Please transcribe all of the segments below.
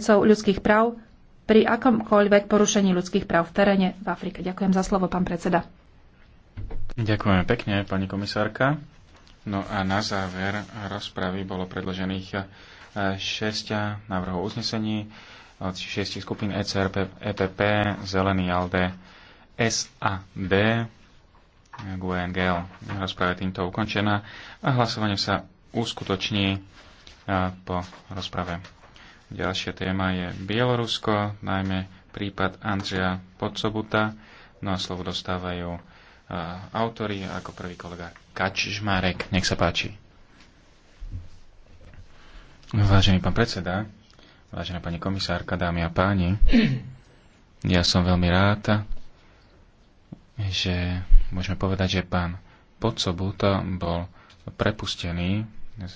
obhajcov ľudských práv pri akomkoľvek porušení ľudských práv v teréne v Afrike. Ďakujem za slovo, pán predseda. Ďakujeme pekne, pani komisárka. No a na záver rozpravy bolo predložených 6 eh, návrhov uznesení od 6 skupín ECR, EPP, e Zelený ALDE, SAD, GUNGL. E, Rozpráva je týmto ukončená a hlasovanie sa uskutoční eh, po rozprave. Ďalšia téma je Bielorusko, najmä prípad Andrea Podsobuta. No a slovo dostávajú uh, autory ako prvý kolega Kačžmarek. Nech sa páči. Vážený pán predseda, vážená pani komisárka, dámy a páni, ja som veľmi rád, že môžeme povedať, že pán Podsobuta bol prepustený z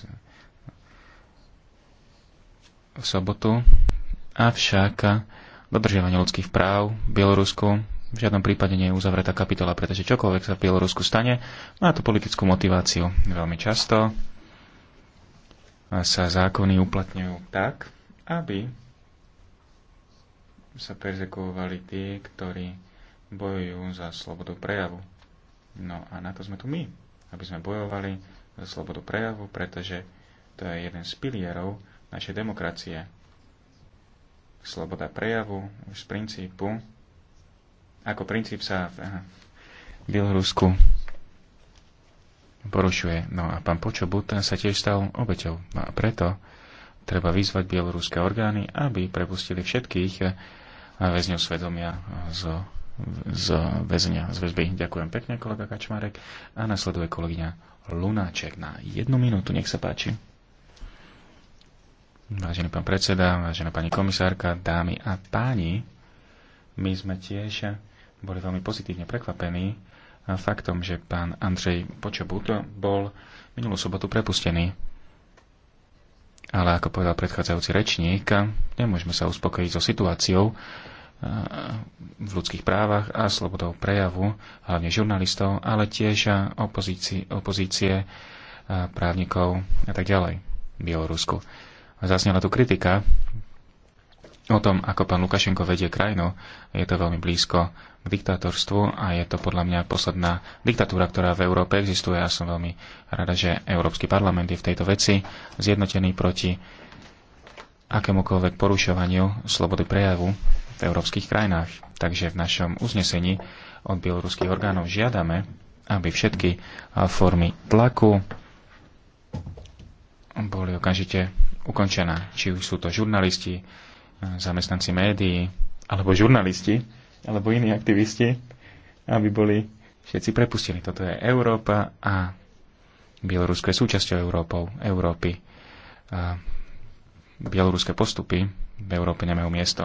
v sobotu, avšak dodržiavanie ľudských práv v Bielorusku v žiadnom prípade nie je uzavretá kapitola, pretože čokoľvek sa v Bielorusku stane, má to politickú motiváciu. Veľmi často sa zákony uplatňujú tak, aby sa perzekovali tí, ktorí bojujú za slobodu prejavu. No a na to sme tu my, aby sme bojovali za slobodu prejavu, pretože to je jeden z pilierov našej demokracie. Sloboda prejavu už z princípu, ako princíp sa v eh, Bielorusku porušuje. No a pán Počobut sa tiež stal obeťou. No a preto treba vyzvať bieloruské orgány, aby prepustili všetkých eh, väzňov svedomia z, z väzňa, z väzby. Ďakujem pekne, kolega Kačmarek. A nasleduje kolegyňa Lunáček na jednu minútu. Nech sa páči. Vážený pán predseda, vážená pani komisárka, dámy a páni, my sme tiež boli veľmi pozitívne prekvapení faktom, že pán Andrej Počobut bol minulú sobotu prepustený. Ale ako povedal predchádzajúci rečník, nemôžeme sa uspokojiť so situáciou eh, v ľudských právach a slobodou prejavu, hlavne žurnalistov, ale tiež opozície, opozície eh, právnikov a tak ďalej v Bielorusku zaznela tu kritika o tom, ako pán Lukašenko vedie krajinu. Je to veľmi blízko k diktátorstvu a je to podľa mňa posledná diktatúra, ktorá v Európe existuje. Ja som veľmi rada, že Európsky parlament je v tejto veci zjednotený proti akémukoľvek porušovaniu slobody prejavu v európskych krajinách. Takže v našom uznesení od bieloruských orgánov žiadame, aby všetky formy tlaku boli okamžite ukončená. Či už sú to žurnalisti, e, zamestnanci médií, alebo žurnalisti, alebo iní aktivisti, aby boli všetci prepustení. Toto je Európa a Bielorusko je súčasťou Európou, Európy. A bieloruské postupy v Európe nemajú miesto.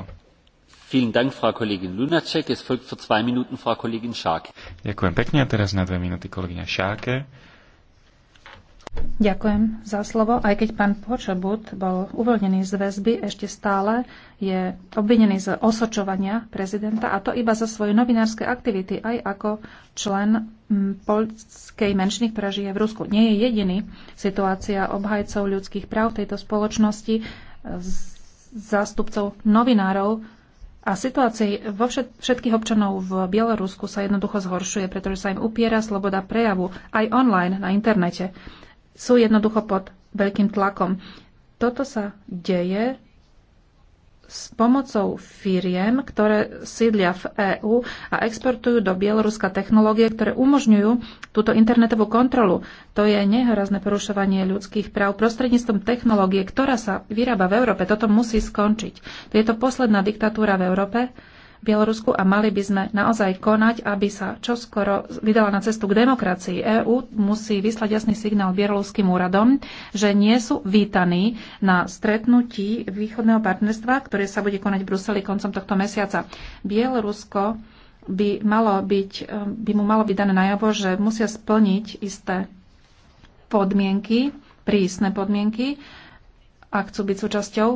Ďakujem pekne a teraz na dve minúty kolegyňa Šáke. Ďakujem za slovo. Aj keď pán Počobut bol uvoľnený z väzby, ešte stále je obvinený z osočovania prezidenta a to iba za svoje novinárske aktivity, aj ako člen poľskej menšiny, ktorá žije v Rusku. Nie je jediný. Situácia obhajcov ľudských práv tejto spoločnosti, e, zástupcov novinárov a situácia vo všetkých občanov v Bielorusku sa jednoducho zhoršuje, pretože sa im upiera sloboda prejavu aj online na internete sú jednoducho pod veľkým tlakom. Toto sa deje s pomocou firiem, ktoré sídlia v EÚ a exportujú do Bieloruska technológie, ktoré umožňujú túto internetovú kontrolu. To je nehorazné porušovanie ľudských práv prostredníctvom technológie, ktorá sa vyrába v Európe. Toto musí skončiť. Je to posledná diktatúra v Európe Bielorusku a mali by sme naozaj konať, aby sa čoskoro vydala na cestu k demokracii. EÚ musí vyslať jasný signál bieloruským úradom, že nie sú vítaní na stretnutí východného partnerstva, ktoré sa bude konať v Bruseli koncom tohto mesiaca. Bielorusko by, malo byť, e, by mu malo byť dané najavo, že musia splniť isté podmienky, prísne podmienky, ak chcú byť súčasťou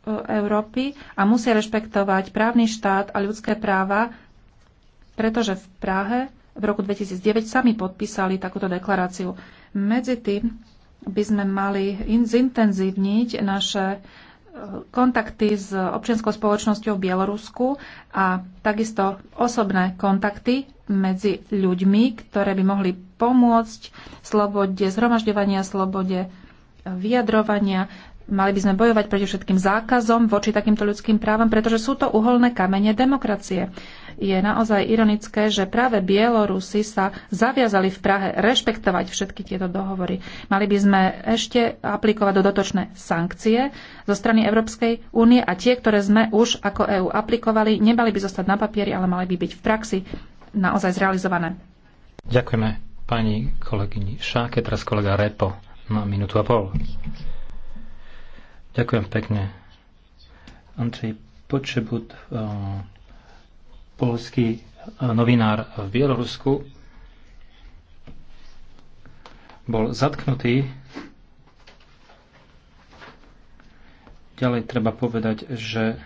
E, Európy a musia rešpektovať právny štát a ľudské práva, pretože v Prahe v roku 2009 sami podpísali takúto deklaráciu. Medzi tým by sme mali zintenzívniť naše e, kontakty s občianskou spoločnosťou v Bielorusku a takisto osobné kontakty medzi ľuďmi, ktoré by mohli pomôcť slobode zhromažďovania, slobode vyjadrovania. Mali by sme bojovať proti všetkým zákazom voči takýmto ľudským právam, pretože sú to uholné kamene demokracie. Je naozaj ironické, že práve Bielorusi sa zaviazali v Prahe rešpektovať všetky tieto dohovory. Mali by sme ešte aplikovať dodatočné sankcie zo strany Európskej únie a tie, ktoré sme už ako EÚ aplikovali, nemali by zostať na papieri, ale mali by byť v praxi naozaj zrealizované. Ďakujeme pani kolegyni Šáke, teraz kolega Repo na minútu a pol. Ďakujem pekne. Andrej Počebut, eh, polský eh, novinár v Bielorusku, bol zatknutý. Ďalej treba povedať, že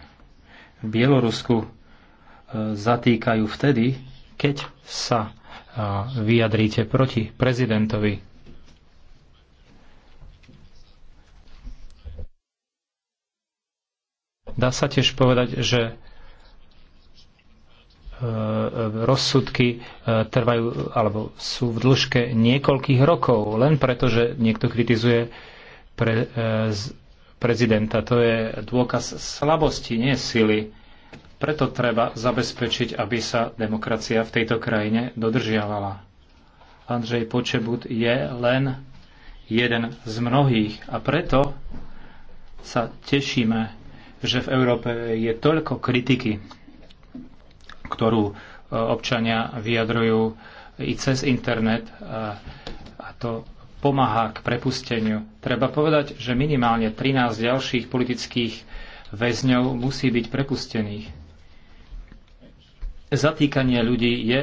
v Bielorusku eh, zatýkajú vtedy, keď sa vyjadríte proti prezidentovi Dá sa tiež povedať, že e, e, rozsudky e, trvajú alebo sú v dĺžke niekoľkých rokov, len preto, že niekto kritizuje pre, prezidenta. To je dôkaz slabosti, nie sily. Preto treba zabezpečiť, aby sa demokracia v tejto krajine dodržiavala. Andrej Počebut je len jeden z mnohých a preto sa tešíme že v Európe je toľko kritiky, ktorú e, občania vyjadrujú i cez internet a, a to pomáha k prepusteniu. Treba povedať, že minimálne 13 ďalších politických väzňov musí byť prepustených. Zatýkanie ľudí je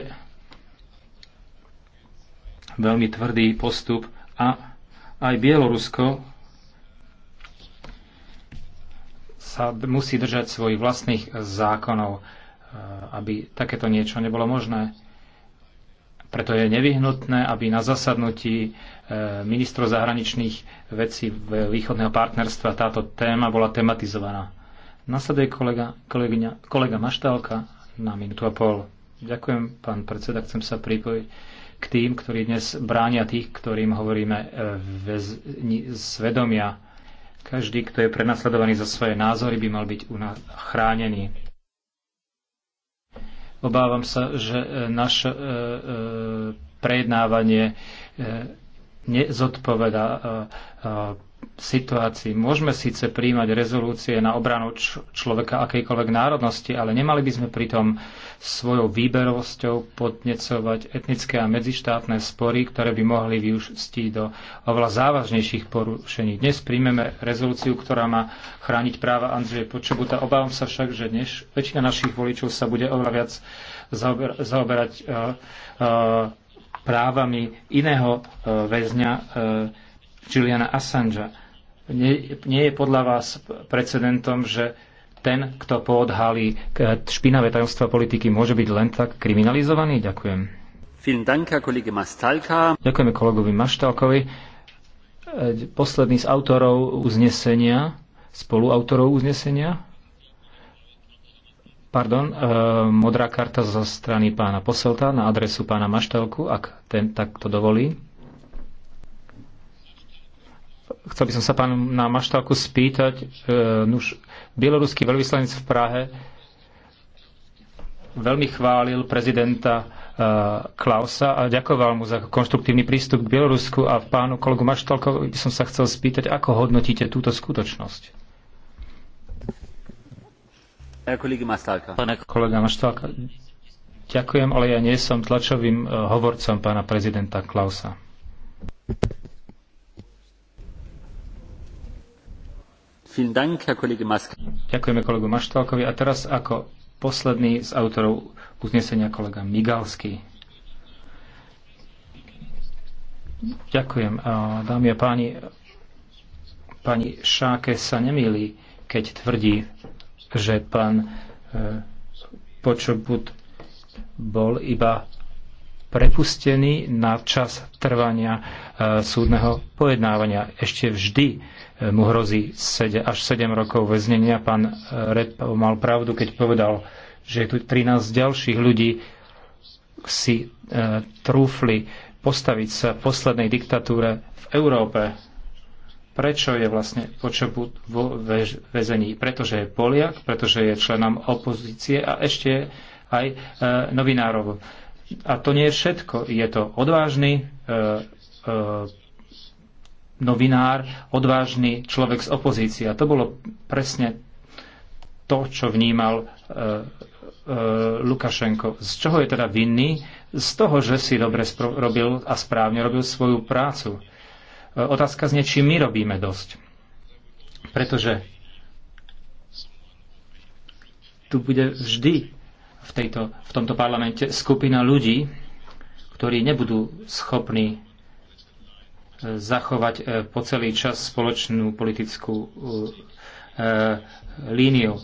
veľmi tvrdý postup a aj Bielorusko sa musí držať svojich vlastných zákonov, eh, aby takéto niečo nebolo možné. Preto je nevyhnutné, aby na zasadnutí eh, ministrov zahraničných vecí východného partnerstva táto téma bola tematizovaná. Nasleduje kolega, kolegyňa, kolega Maštálka na minútu a pol. Ďakujem, pán predseda, chcem sa pripojiť k tým, ktorí dnes bránia tých, ktorým hovoríme svedomia. Eh, svedomia každý, kto je prenasledovaný za svoje názory, by mal byť chránený. Obávam sa, že e, naše e, e, prejednávanie nezodpoveda situácii. Môžeme síce príjmať rezolúcie na obranu človeka akejkoľvek národnosti, ale nemali by sme pritom svojou výberovosťou podnecovať etnické a medzištátne spory, ktoré by mohli vyústiť do oveľa závažnejších porušení. Dnes príjmeme rezolúciu, ktorá má chrániť práva Andreje Počobuta. Obávam sa však, že dnes väčšina našich voličov sa bude oveľa viac zaoberať e, e, právami iného e, väzňa Juliana Assangea. Nie, nie je podľa vás precedentom, že ten, kto poodhalí e, špinavé tajomstva politiky, môže byť len tak kriminalizovaný? Ďakujem. Ďakujeme kolegovi Maštalkovi. E, posledný z autorov uznesenia, spoluautorov uznesenia. Pardon, e, modrá karta zo strany pána Poselta na adresu pána Maštalku, ak ten takto dovolí chcel by som sa pánu na Maštálku spýtať, e, nuž, bieloruský veľvyslanec v Prahe veľmi chválil prezidenta e, Klausa a ďakoval mu za konštruktívny prístup k Bielorusku a pánu kolegu Maštalkovi by som sa chcel spýtať, ako hodnotíte túto skutočnosť? Pane kolega Maštalka, ďakujem, ale ja nie som tlačovým e, hovorcom pána prezidenta Klausa. Ďakujeme kolegu Maštálkovi. A teraz ako posledný z autorov uznesenia kolega Migalsky. Ďakujem. Dámy a páni, pani Šáke sa nemýli, keď tvrdí, že pán e, Počobut bol iba prepustený na čas trvania e, súdneho pojednávania. Ešte vždy e, mu hrozí až 7 rokov väznenia. Pán e, Red mal pravdu, keď povedal, že tu 13 ďalších ľudí si trúfli postaviť sa poslednej diktatúre v Európe. Prečo je vlastne počobu vo väzení? Pretože je Poliak, pretože je členom opozície a ešte aj novinárov a to nie je všetko. Je to odvážny uh, uh, novinár, odvážny človek z opozície. A to bolo presne to, čo vnímal uh, Lukašenko. Z čoho je teda vinný? Z toho, že si dobre robil a správne robil svoju prácu. otázka znie, či my robíme dosť. Pretože tu bude vždy v, tejto, v tomto parlamente skupina ľudí, ktorí nebudú schopní e, zachovať e, po celý čas spoločnú politickú e, líniu.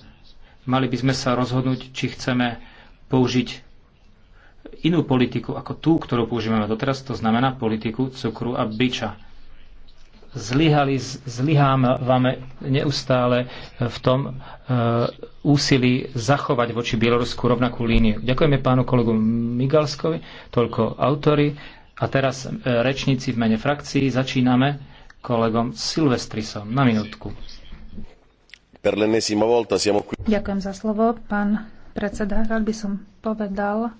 Mali by sme sa rozhodnúť, či chceme použiť inú politiku ako tú, ktorú používame doteraz, to znamená politiku cukru a byča zlyhali, zlyhávame neustále v tom e, úsilí zachovať voči Bielorusku rovnakú líniu. Ďakujeme pánu kolegu Migalskovi, toľko autory. A teraz e, rečníci v mene frakcií začíname kolegom Silvestrisom na minútku. Ďakujem za slovo, pán predseda. Rád by som povedal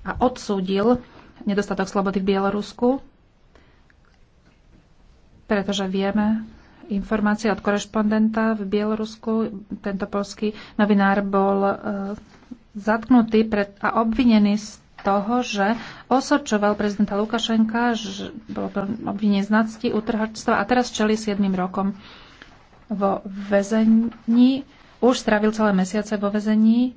a odsúdil nedostatok slobody v Bielorusku pretože vieme informácie od korešpondenta v Bielorusku. Tento polský novinár bol e, zatknutý pred, a obvinený z toho, že osočoval prezidenta Lukašenka, že bolo to obvinenie z nadsti, utrhačstva a teraz čeli 7 rokom vo väzení. Už stravil celé mesiace vo väzení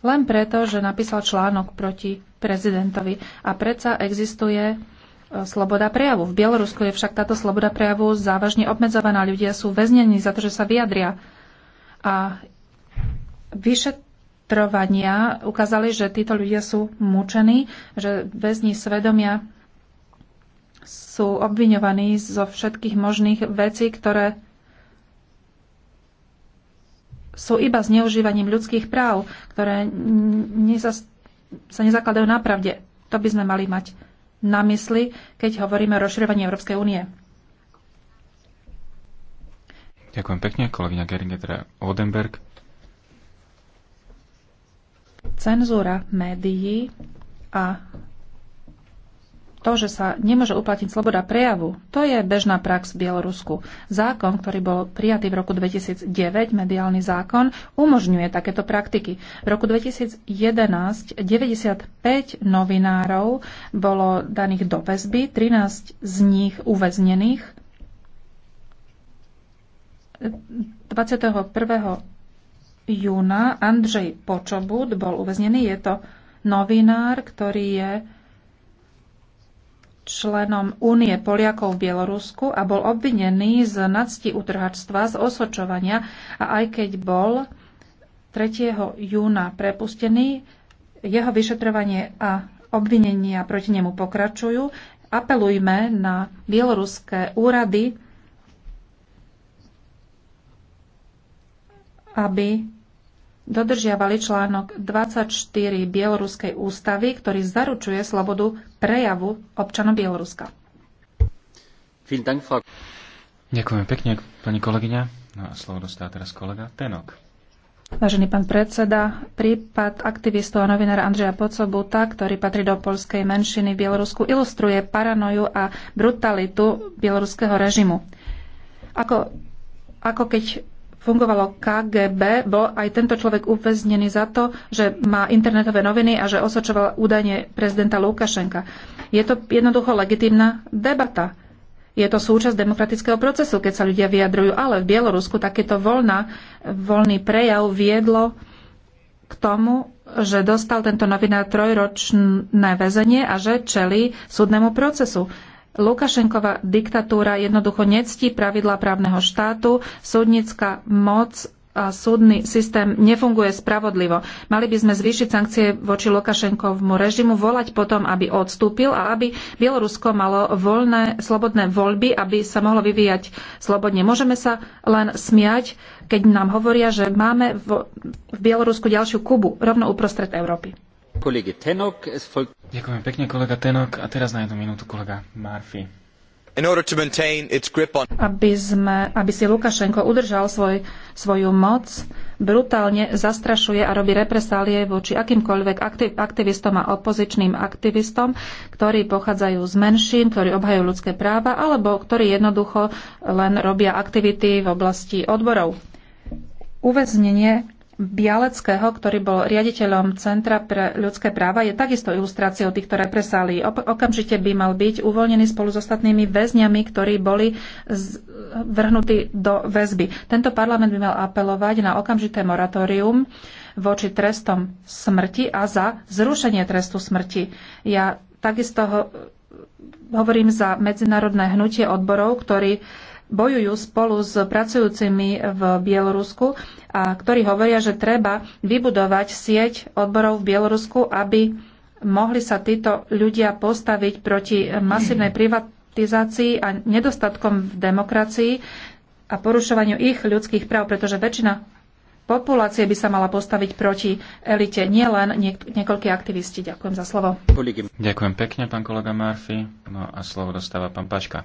len preto, že napísal článok proti prezidentovi. A predsa existuje E, sloboda prejavu. V Bielorusku je však táto sloboda prejavu závažne obmedzovaná. Ľudia sú väznení za to, že sa vyjadria. A vyšetrovania ukázali, že títo ľudia sú mučení, že väzni svedomia sú obviňovaní zo všetkých možných vecí, ktoré sú iba zneužívaním ľudských práv, ktoré sa nezakladajú na pravde. To by sme mali mať na mysli, keď hovoríme o rozširovaní Európskej únie. Ďakujem pekne, kolegyňa Geringer teda Odenberg. Cenzúra médií a to, že sa nemôže uplatniť sloboda prejavu, to je bežná prax v Bielorusku. Zákon, ktorý bol prijatý v roku 2009, mediálny zákon, umožňuje takéto praktiky. V roku 2011 95 novinárov bolo daných do väzby, 13 z nich uväznených. 21. júna Andrej Počobud, bol uväznený. Je to novinár, ktorý je členom Únie Poliakov v Bielorusku a bol obvinený z nadsti utrhačstva, z osočovania a aj keď bol 3. júna prepustený, jeho vyšetrovanie a obvinenia proti nemu pokračujú. Apelujme na bieloruské úrady, aby dodržiavali článok 24 Bieloruskej ústavy, ktorý zaručuje slobodu prejavu občanom Bieloruska. Ďakujem pekne, pani kolegyňa. No a slovo dostá teraz kolega Tenok. Vážený pán predseda, prípad aktivistov a novinára Andreja Pocobuta, ktorý patrí do polskej menšiny v Bielorusku, ilustruje paranoju a brutalitu bieloruského režimu. Ako, ako keď fungovalo KGB, bol aj tento človek uväznený za to, že má internetové noviny a že osočoval údajne prezidenta Lukašenka. Je to jednoducho legitímna debata. Je to súčasť demokratického procesu, keď sa ľudia vyjadrujú, ale v Bielorusku takéto voľná, voľný prejav viedlo k tomu, že dostal tento novinár trojročné väzenie a že čelí súdnemu procesu. Lukašenkova diktatúra jednoducho nectí pravidla právneho štátu, súdnická moc a súdny systém nefunguje spravodlivo. Mali by sme zvýšiť sankcie voči Lukašenkovmu režimu, volať potom, aby odstúpil a aby Bielorusko malo voľné, slobodné voľby, aby sa mohlo vyvíjať slobodne. Môžeme sa len smiať, keď nám hovoria, že máme v Bielorusku ďalšiu Kubu, rovno uprostred Európy. Ďakujem pekne, kolega Tenok. A teraz na jednu minútu kolega Murphy. On... Aby, sme, aby si Lukašenko udržal svoj, svoju moc, brutálne zastrašuje a robí represálie voči akýmkoľvek aktiv, aktivistom a opozičným aktivistom, ktorí pochádzajú z menšín, ktorí obhajú ľudské práva alebo ktorí jednoducho len robia aktivity v oblasti odborov. Uväznenie Bialeckého, ktorý bol riaditeľom Centra pre ľudské práva, je takisto ilustráciou týchto represálí. Okamžite by mal byť uvoľnený spolu s ostatnými väzňami, ktorí boli vrhnutí do väzby. Tento parlament by mal apelovať na okamžité moratórium voči trestom smrti a za zrušenie trestu smrti. Ja takisto ho, hovorím za medzinárodné hnutie odborov, ktorí bojujú spolu s pracujúcimi v Bielorusku a ktorí hovoria, že treba vybudovať sieť odborov v Bielorusku, aby mohli sa títo ľudia postaviť proti masívnej privatizácii a nedostatkom v demokracii a porušovaniu ich ľudských práv, pretože väčšina populácie by sa mala postaviť proti elite, nielen niek- niekoľkí aktivisti. Ďakujem za slovo. Ďakujem pekne, pán kolega Murphy. No a slovo dostáva pán Paška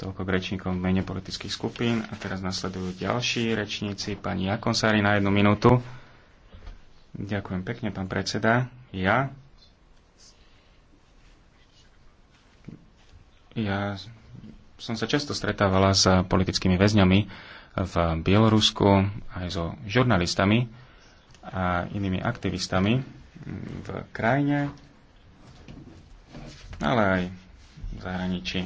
Toľko k rečníkom v mene politických skupín. A teraz nasledujú ďalší rečníci. Pani Jakonsári na jednu minútu. Ďakujem pekne, pán predseda. Ja Ja som sa často stretávala s politickými väzňami v Bielorusku, aj so žurnalistami a inými aktivistami v krajine, ale aj v zahraničí.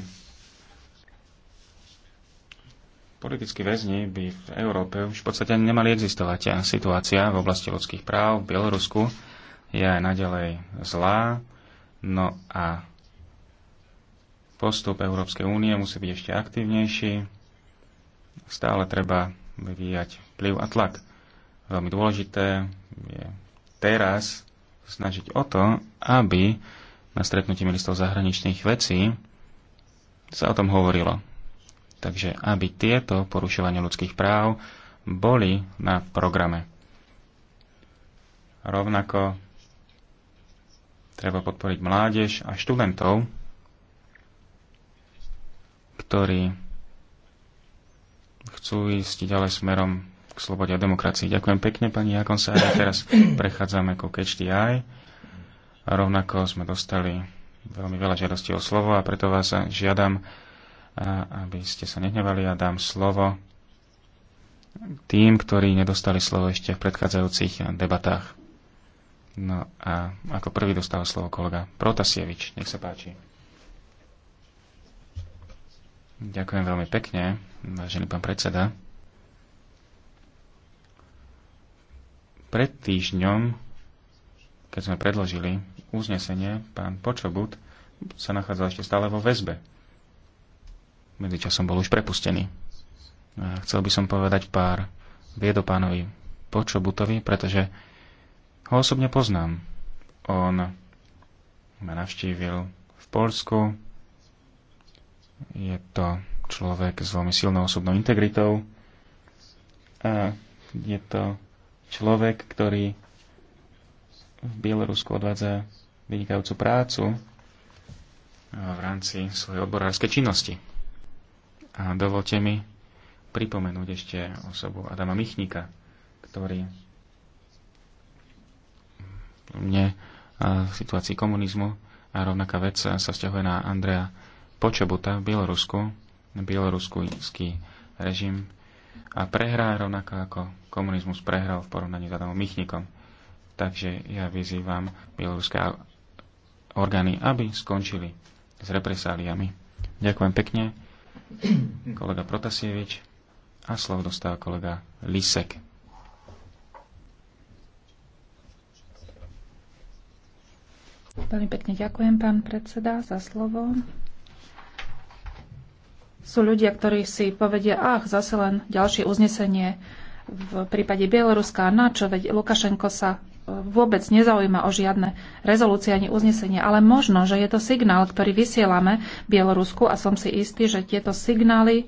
Politickí väzni by v Európe už v podstate nemali existovať. A situácia v oblasti ľudských práv v Bielorusku je aj naďalej zlá. No a postup Európskej únie musí byť ešte aktívnejší. Stále treba vyvíjať vplyv a tlak. Veľmi dôležité je teraz snažiť o to, aby na stretnutí ministrov zahraničných vecí sa o tom hovorilo. Takže aby tieto porušovania ľudských práv boli na programe. Rovnako treba podporiť mládež a študentov, ktorí chcú ísť ďalej smerom k slobode a demokracii. Ďakujem pekne, pani Jakonsári. Teraz prechádzame ku KHDI. A rovnako sme dostali veľmi veľa žiadostí o slovo a preto vás žiadam, aby ste sa nehnevali ja dám slovo tým, ktorí nedostali slovo ešte v predchádzajúcich debatách. No a ako prvý dostal slovo kolega Protasievič. Nech sa páči. Ďakujem veľmi pekne, vážený pán predseda. Pred týždňom, keď sme predložili uznesenie, pán Počobut sa nachádzal ešte stále vo väzbe medzičasom bol už prepustený. A chcel by som povedať pár vied Počobutovi, pretože ho osobne poznám. On ma navštívil v Polsku. Je to človek s veľmi silnou osobnou integritou a je to človek, ktorý v Bielorusku odvádza vynikajúcu prácu v rámci svojej odborárskej činnosti. A dovolte mi pripomenúť ešte osobu Adama Michnika, ktorý mne v situácii komunizmu a rovnaká vec sa vzťahuje na Andrea Počobuta v Bielorusku, bieloruský režim a prehrá rovnako ako komunizmus prehral v porovnaní s Adamom Michnikom. Takže ja vyzývam bieloruské orgány, aby skončili s represáliami. Ďakujem pekne kolega Protasievič a slovo dostáva kolega Lisek. Veľmi pekne ďakujem, pán predseda, za slovo. Sú ľudia, ktorí si povedia, ach, zase len ďalšie uznesenie v prípade Bieloruska, na čo, veď Lukašenko sa vôbec nezaujíma o žiadne rezolúcie ani uznesenie, ale možno, že je to signál, ktorý vysielame Bielorusku a som si istý, že tieto signály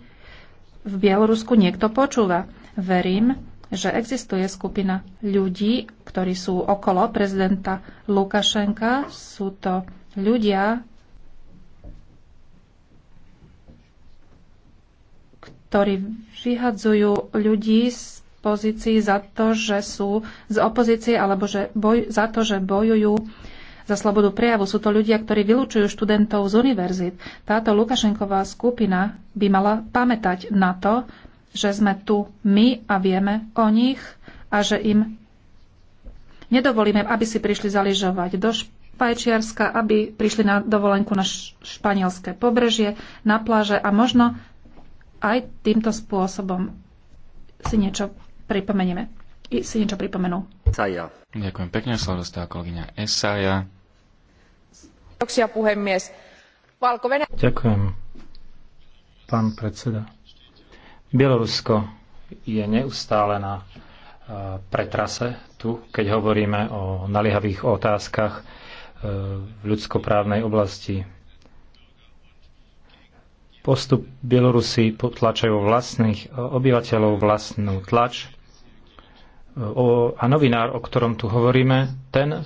v Bielorusku niekto počúva. Verím, že existuje skupina ľudí, ktorí sú okolo prezidenta Lukašenka. Sú to ľudia, ktorí vyhadzujú ľudí z pozícii za to, že sú z opozície alebo že boj, za to, že bojujú za slobodu prejavu. Sú to ľudia, ktorí vylúčujú študentov z univerzit. Táto Lukašenková skupina by mala pamätať na to, že sme tu my a vieme o nich a že im nedovolíme, aby si prišli zaližovať do Špajčiarska, aby prišli na dovolenku na španielské pobrežie, na pláže a možno aj týmto spôsobom si niečo pripomenieme. I si niečo pripomenú. Saja. Ďakujem pekne, slovo dostáva kolegyňa Esaja. Ďakujem, pán predseda. Bielorusko je neustále na eh, pretrase tu, keď hovoríme o naliehavých otázkach eh, v ľudskoprávnej oblasti. Postup Bielorusy potlačajú vlastných eh, obyvateľov, vlastnú tlač a novinár, o ktorom tu hovoríme, ten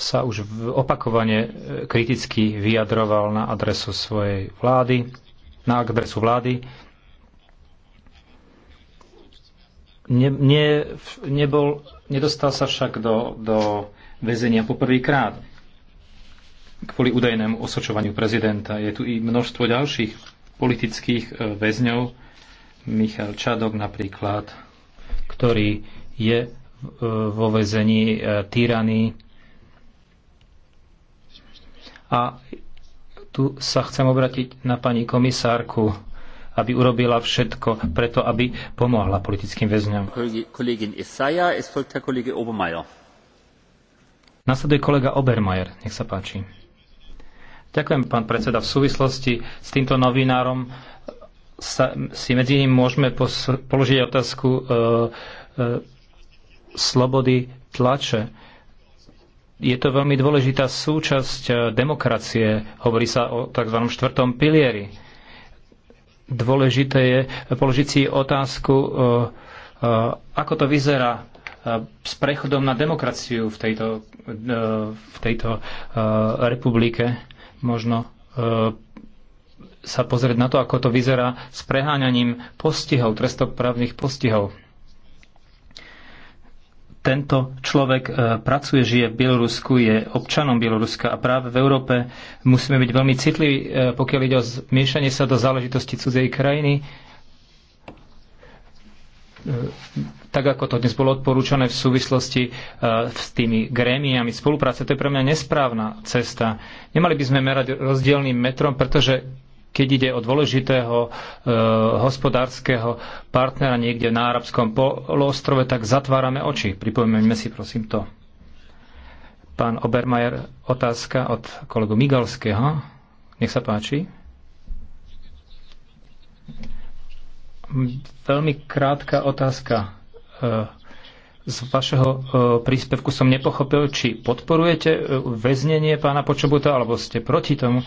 sa už opakovane e, kriticky vyjadroval na adresu svojej vlády, na adresu vlády. Ne, ne, nebol, nedostal sa však do, do väzenia poprvýkrát kvôli údajnému osočovaniu prezidenta. Je tu i množstvo ďalších politických e, väzňov, Michal Čadok napríklad, ktorý je e, vo vezení e, tyraní. A tu sa chcem obratiť na pani komisárku, aby urobila všetko preto, aby pomohla politickým väzňom. Nasleduje kolega Obermajer, nech sa páči. Ďakujem, pán predseda. V súvislosti s týmto novinárom sa, si medzi ním môžeme položiť otázku e, e, slobody tlače. Je to veľmi dôležitá súčasť eh, demokracie. Hovorí sa o tzv. štvrtom pilieri. Dôležité je položiť si otázku, eh, eh, ako to vyzerá s prechodom na demokraciu v tejto, v tejto republike. Možno sa pozrieť na to, ako to vyzerá s preháňaním postihov, trestoprávnych postihov tento človek e, pracuje, žije v Bielorusku, je občanom Bieloruska a práve v Európe musíme byť veľmi citliví, e, pokiaľ ide o zmiešanie sa do záležitosti cudzej krajiny, e, tak ako to dnes bolo odporúčané v súvislosti s tými grémiami spolupráce, to je pre mňa nesprávna cesta. Nemali by sme merať rozdielným metrom, pretože keď ide o dôležitého e, hospodárskeho partnera niekde na arabskom poloostrove, tak zatvárame oči. Pripomeňme si prosím to. Pán Obermajer, otázka od kolegu Migalského. Nech sa páči. Veľmi krátka otázka. E, z vašeho e, príspevku som nepochopil, či podporujete e, väznenie pána Počobuta, alebo ste proti tomu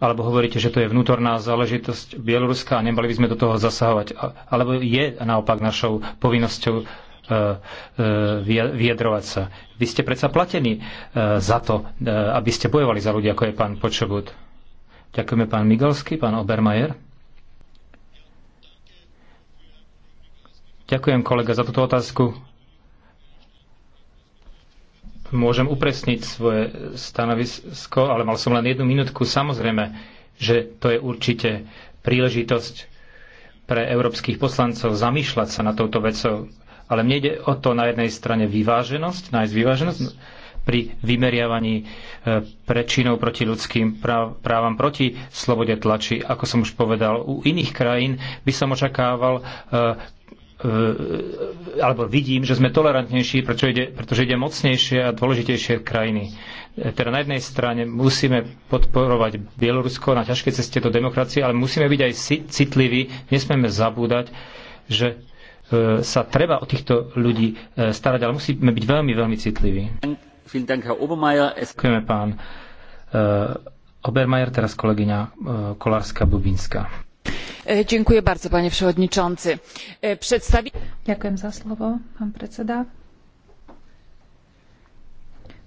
alebo hovoríte, že to je vnútorná záležitosť Bieloruska a nemali by sme do toho zasahovať. Alebo je naopak našou povinnosťou e, e, vyjadrovať sa. Vy ste predsa platení e, za to, aby ste bojovali za ľudí, ako je pán Počobut. Ďakujeme pán Migalsky, pán Obermajer. Ďakujem kolega za túto otázku môžem upresniť svoje stanovisko, ale mal som len jednu minútku. Samozrejme, že to je určite príležitosť pre európskych poslancov zamýšľať sa na touto vecou. Ale mne ide o to na jednej strane vyváženosť, nájsť vyváženosť pri vymeriavaní e, prečinov proti ľudským právam, proti slobode tlači. Ako som už povedal, u iných krajín by som očakával e, E, alebo vidím, že sme tolerantnejší, prečo ide, pretože ide mocnejšie a dôležitejšie krajiny. E, teda na jednej strane musíme podporovať Bielorusko na ťažkej ceste do demokracie, ale musíme byť aj citliví, nesmieme zabúdať, že e, sa treba o týchto ľudí starať, ale musíme byť veľmi, veľmi citliví. Ďakujeme pán Obermajer, teraz kolegyňa Kolárska-Bubinská. E, e,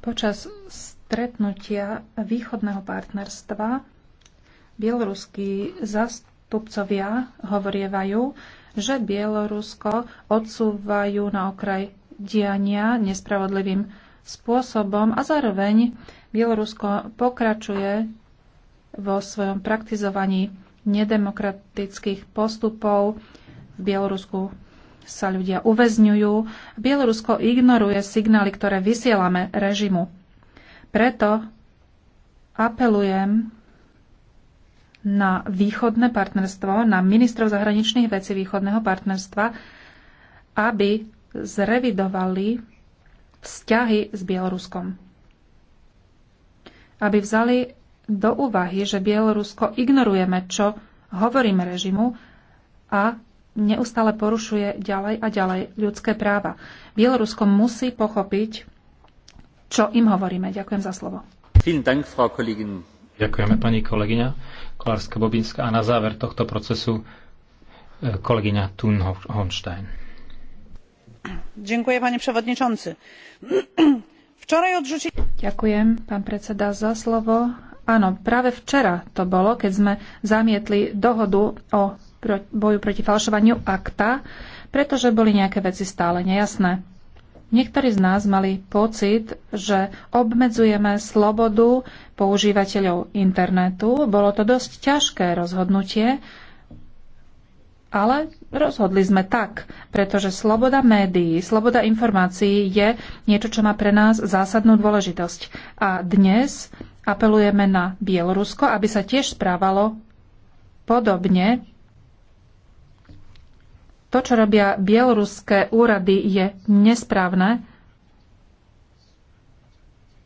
Počas stretnutia východného partnerstva bieloruskí zastupcovia hovorievajú, že Bielorusko odsúvajú na okraj diania nespravodlivým spôsobom a zároveň Bielorusko pokračuje vo svojom praktizovaní nedemokratických postupov v Bielorusku sa ľudia uväzňujú. Bielorusko ignoruje signály, ktoré vysielame režimu. Preto apelujem na východné partnerstvo, na ministrov zahraničných vecí východného partnerstva, aby zrevidovali vzťahy s Bieloruskom. Aby vzali do úvahy, že Bielorusko ignorujeme, čo hovoríme režimu a neustále porušuje ďalej a ďalej ľudské práva. Bielorusko musí pochopiť, čo im hovoríme. Ďakujem za slovo. Ďakujeme pani kolegyňa Kolárska-Bobinská a na záver tohto procesu eh, kolegyňa Thun Honstein. Ďakujem, pani przewodniczący. odrzuci... Ďakujem, pán predseda, za slovo. Áno, práve včera to bolo, keď sme zamietli dohodu o boju proti falšovaniu akta, pretože boli nejaké veci stále nejasné. Niektorí z nás mali pocit, že obmedzujeme slobodu používateľov internetu. Bolo to dosť ťažké rozhodnutie, ale rozhodli sme tak, pretože sloboda médií, sloboda informácií je niečo, čo má pre nás zásadnú dôležitosť. A dnes apelujeme na Bielorusko, aby sa tiež správalo podobne. To, čo robia bieloruské úrady, je nesprávne.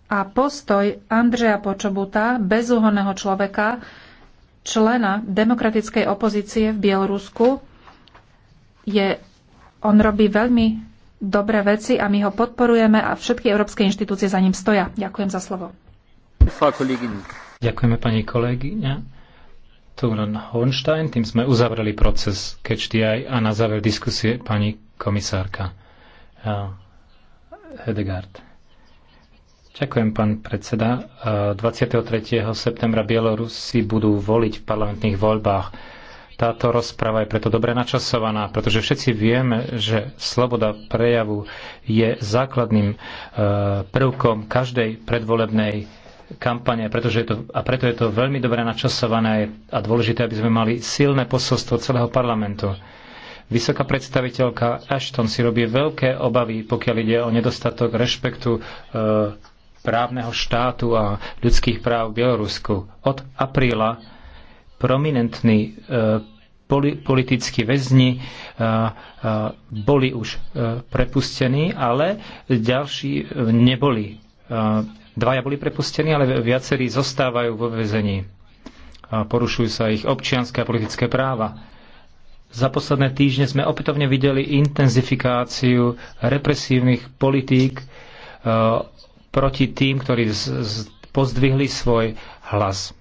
A postoj Andreja Počobuta, bezúhonného človeka, člena demokratickej opozície v Bielorusku, je, on robí veľmi dobré veci a my ho podporujeme a všetky európske inštitúcie za ním stoja. Ďakujem za slovo. Ďakujeme pani kolegyňa. Turan Hornstein, tým sme uzavreli proces Catch a na záver diskusie pani komisárka eh, Hedegaard. Ďakujem, pán predseda. 23. Eh, septembra Bielorusi budú voliť v parlamentných voľbách. Táto rozprava je preto dobre načasovaná, pretože všetci vieme, že sloboda prejavu je základným eh, prvkom každej predvolebnej kampane, pretože je to, a preto je to veľmi dobre načasované a dôležité, aby sme mali silné posolstvo celého parlamentu. Vysoká predstaviteľka Ashton si robí veľké obavy, pokiaľ ide o nedostatok rešpektu e, právneho štátu a ľudských práv v Bielorusku. Od apríla prominentní e, poli, politickí väzni e, e, boli už e, prepustení, ale ďalší e, neboli e, Dvaja boli prepustení, ale viacerí zostávajú vo vezení. Porušujú sa ich občianské a politické práva. Za posledné týždne sme opätovne videli intenzifikáciu represívnych politík e, proti tým, ktorí pozdvihli svoj hlas.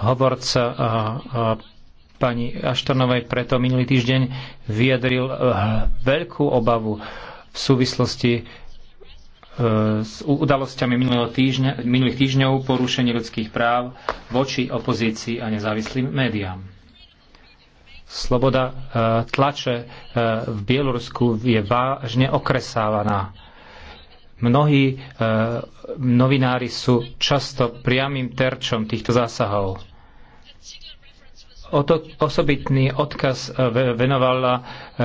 Hovorca a, a pani Aštanovej preto minulý týždeň vyjadril e, veľkú obavu v súvislosti E, s udalosťami minulého týždňa, minulých týždňov porušenie ľudských práv voči opozícii a nezávislým médiám. Sloboda e, tlače e, v Bielorusku je vážne okresávaná. Mnohí novinári sú často priamým terčom týchto zásahov. Oto, osobitný odkaz venovala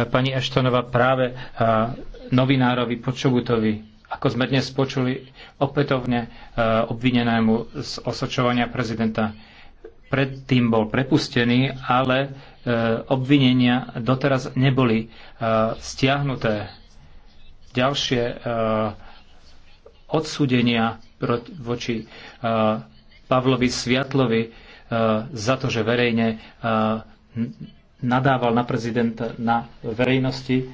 pani Eštonova práve novinárovi Počobutovi ako sme dnes počuli, opätovne e, obvinenému z osočovania prezidenta. Predtým bol prepustený, ale e, obvinenia doteraz neboli e, stiahnuté. Ďalšie odsúdenia voči Pavlovi Sviatlovi za to, že verejne nadával na prezidenta na verejnosti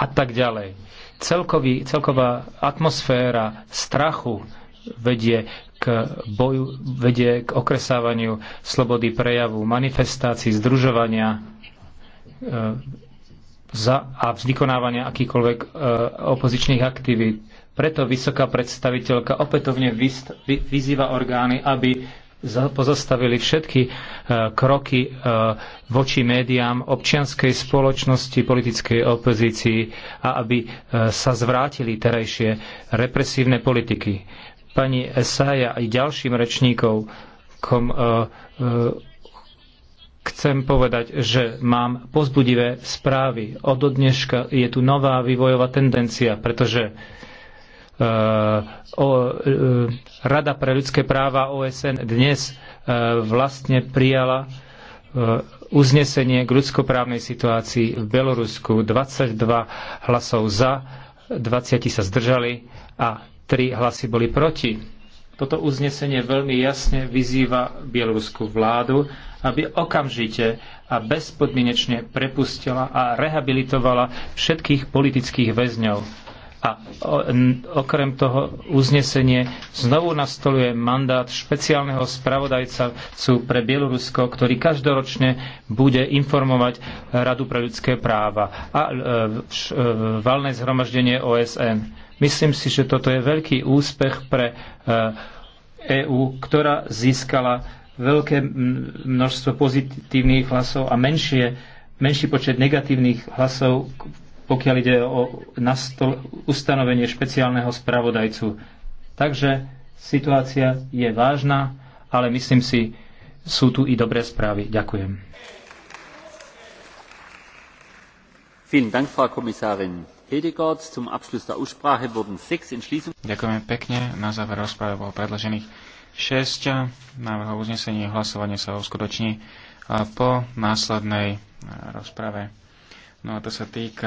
a tak ďalej Celkový, celková atmosféra strachu vedie k boju, vedie k okresávaniu slobody prejavu, manifestácií, združovania e, za, a vykonávania akýchkoľvek e, opozičných aktivít. Preto vysoká predstaviteľka opätovne vyzýva orgány, aby pozastavili všetky e, kroky e, voči médiám, občianskej spoločnosti, politickej opozícii a aby e, sa zvrátili terajšie represívne politiky. Pani Esaja aj ďalším rečníkom kom, chcem povedať, že mám pozbudivé správy. Od dneška je tu nová vývojová tendencia, pretože uh, Eh, eh, Rada pre ľudské práva OSN dnes eh, vlastne prijala uznesenie k ľudskoprávnej situácii v Belorusku. 22 hlasov za, 20 sa zdržali a 3 hlasy boli proti. Toto uznesenie veľmi jasne vyzýva bieloruskú vládu, aby okamžite a bezpodmienečne prepustila a rehabilitovala všetkých politických väzňov a okrem toho uznesenie znovu nastoluje mandát špeciálneho spravodajcu pre Bielorusko, ktorý každoročne bude informovať Radu pre ľudské práva a e, e, valné zhromaždenie OSN. Myslím si, že toto je veľký úspech pre EÚ, e ktorá získala veľké množstvo pozitívnych hlasov a menšie, menší počet negatívnych hlasov pokiaľ ide o ustanovenie špeciálneho spravodajcu. Takže situácia je vážna, ale myslím si, sú tu i dobré správy. Ďakujem. Ďakujem pekne. Na záver rozprávy bolo predložených 6 návrhov uznesení. Hlasovanie sa uskutoční po následnej eh, rozprave. No a to sa týka